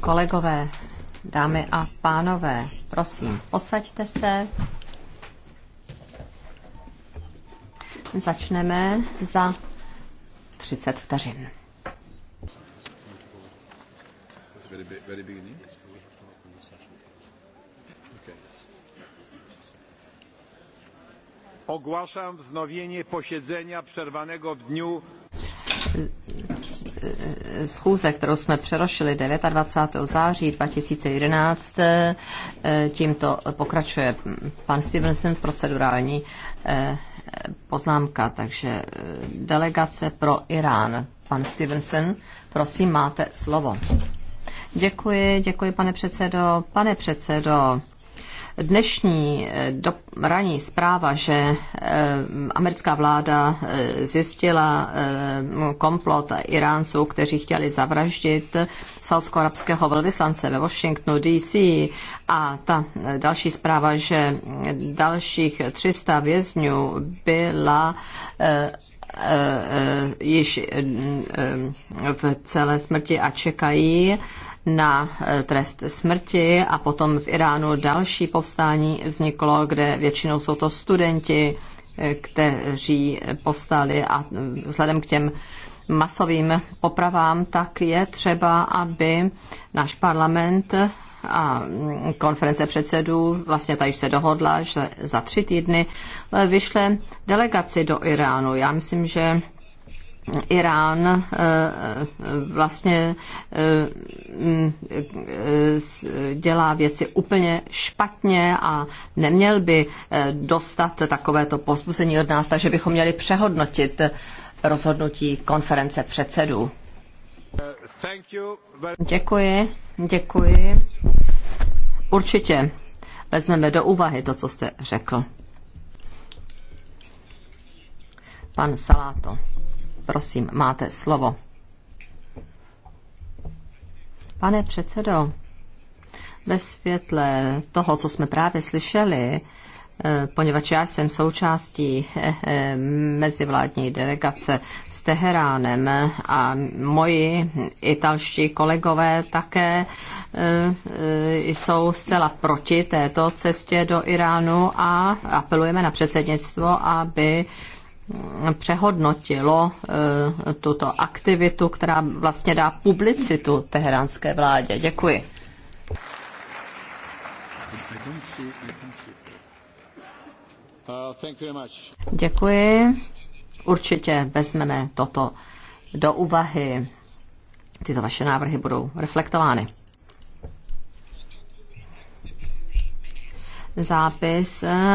Kolegové, dámy a pánové, prosím, posaďte se. Začneme za 30 vteřin. Ogłaszam wznowienie posiedzenia przerwanego w dniu schůze, kterou jsme přerošili 29. září 2011, eh, tímto pokračuje pan Stevenson procedurální eh, poznámka, takže eh, delegace pro Irán. Pan Stevenson, prosím, máte slovo. Děkuji, děkuji, pane předsedo. Pane předsedo, Dnešní eh, do, ranní zpráva, že eh, americká vláda eh, zjistila komplot Iránců, kteří chtěli zavraždit saudsko-arabského velvyslance ve Washingtonu DC a ta další zpráva, že dalších 300 vězňů byla již v celé smrti a čekají na eh, trest smrti a potom v Iránu další povstání vzniklo, kde většinou jsou to studenti, eh, kteří povstali a mm, vzhledem k těm masovým popravám, tak je třeba, aby náš parlament a mm, konference předsedů, vlastně tady se dohodla, že za tři týdny eh, vyšle delegaci do Iránu. Já myslím, že Irán eh, vlastně eh, mm, eh, dělá věci úplně špatně a neměl by dostat takovéto pozbuzení od nás, takže bychom měli přehodnotit rozhodnutí konference předsedů. Děkuji, děkuji. Určitě vezmeme do úvahy to, co jste řekl. Pan Saláto. Prosím, máte slovo. Pane předsedo, ve světle toho, co jsme právě slyšeli, eh, poněvadž já jsem součástí eh, eh, mezivládní delegace s Teheránem a moji italští kolegové také jsou zcela proti této cestě do Iránu a apelujeme na předsednictvo, aby přehodnotilo eh, tuto aktivitu, která vlastně dá publicitu teheránské vládě. Děkuji. Děkuji. Určitě vezmeme toto do úvahy. Tyto vaše návrhy budou reflektovány. Zápis. Eh,